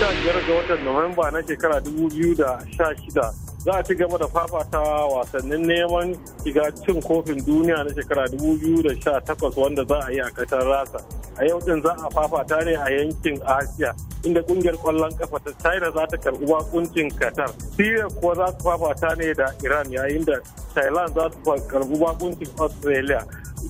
15 ga watan Nuwamba na shekara 2016 za a ci gaba da fafata wasannin neman shiga cin kofin duniya na shekara 2018 wanda za a yi a ƙasar Rasa. A yau din za a fafata ne a yankin Asiya inda kungiyar kwallon kafa ta China za ta karɓi bakuncin Qatar. Siriya kuwa za su fafata ne da Iran yayin da thailand za su karbi bakuncin australia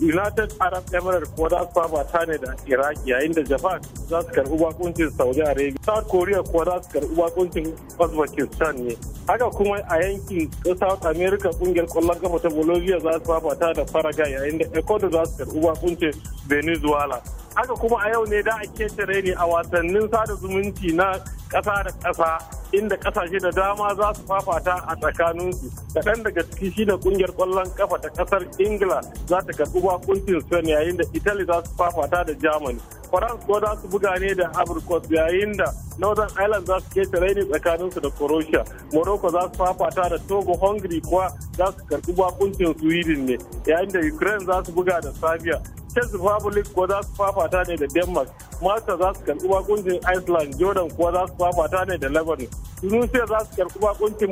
united arab emirates ko za su fafata ne da iraki yayin da japan za su karbi bakuncin saudi arabia south korea ko za su karbi bakuncin uzbekistan ne haka kuma a yankin south america kungiyar kwallon kafa ta bolivia za su fafata da faraga yayin da ecuador za su karbi bakuncin venezuela haka kuma a yau ne da a tare ne a wasannin sada zumunci na kasa da ƙasa inda kasashe da dama za su fafata a tsakaninsu kaɗan daga ciki shine kungiyar ƙwallon kafa ta ƙasar ingila za ta karɓi bakuncin spain yayin da italy za su fafata da germany france ko za su buga ne da abrikos yayin da northern ireland za su keta raini su da croatia morocco za su fafata da togo hungary kuwa za su karɓi bakuncin sweden ne yayin da ukraine za su buga da serbia czech republic ko za su fafata ne da denmark Malta za su karɓi bakuncin Iceland, Jordan kuwa za su fafata ne da Lebanon. Tunisia za su karɓi bakuncin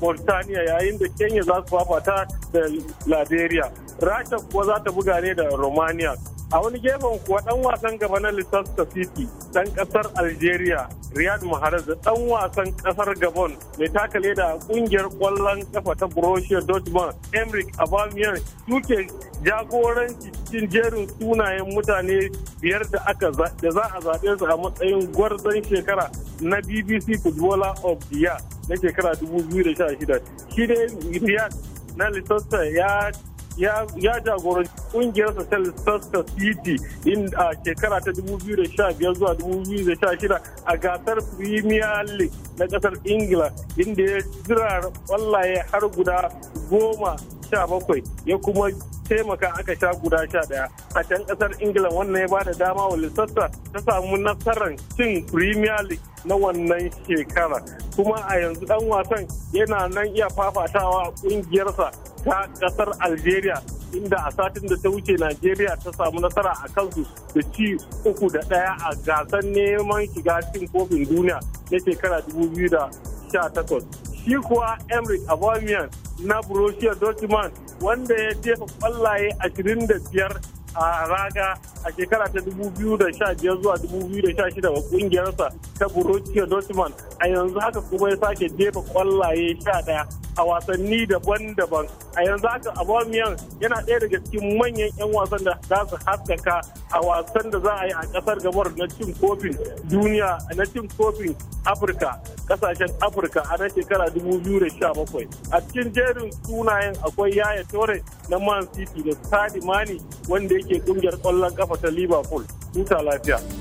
Mauritania yayin da Kenya za su fafata da Liberia. Rasha kuwa za ta buga ne da Romania. A wani gefen kuwa ɗan wasan gaba na Leicester City ɗan ƙasar Algeria Riyad Mahrez da ɗan wasan ƙasar Gabon mai takale da ƙungiyar ƙwallon ƙafa ta Borussia Dortmund Emric Aubameyang suke jagoranci cikin jerin sunayen mutane biyar da aka da za a zaɓe su a matsayin gwarzon shekara na BBC Footballer of the Year na shekara 2016. Shi dai Riyad na Leicester ya ya jagoranci kungiyar Sassan City in a shekara ta 2015 zuwa 2016 a gasar Premier League na kasar Ingila inda ya jira kwallaye har guda goma sha bakwai ya kuma taimaka aka sha guda sha daya a can kasar ingila wannan ya bada dama wa lissasta ta samu nasarar cin premier league na wannan shekara kuma a yanzu dan wasan yana nan iya fafatawa kungiyarsa ta kasar algeria inda a satin da ta wuce najeriya ta samu nasara a kansu da ci uku da daya a gasar neman shiga cin kofin duniya na shekara 2018 shi kuwa emric abomian na borussia dortmund wanda ya jefa kwallaye 25 a raga a shekara ta 2015 zuwa 2016 wa kungiyarsa ta Borussia Dortmund a yanzu haka kuma ya sake jefa kwallaye 11 a wasanni daban-daban a yanzu haka abamiyan yana ɗaya daga cikin manyan 'yan wasan da za su haskaka a wasan da za a yi a ƙasar gabar na cin kofin duniya na cin kofin afirka ƙasashen afirka a na shekara 2017 a cikin jerin sunayen akwai yaya tore na man city da sadi mani wanda yake ƙungiyar ƙwallon ƙafa ta liverpool huta lafiya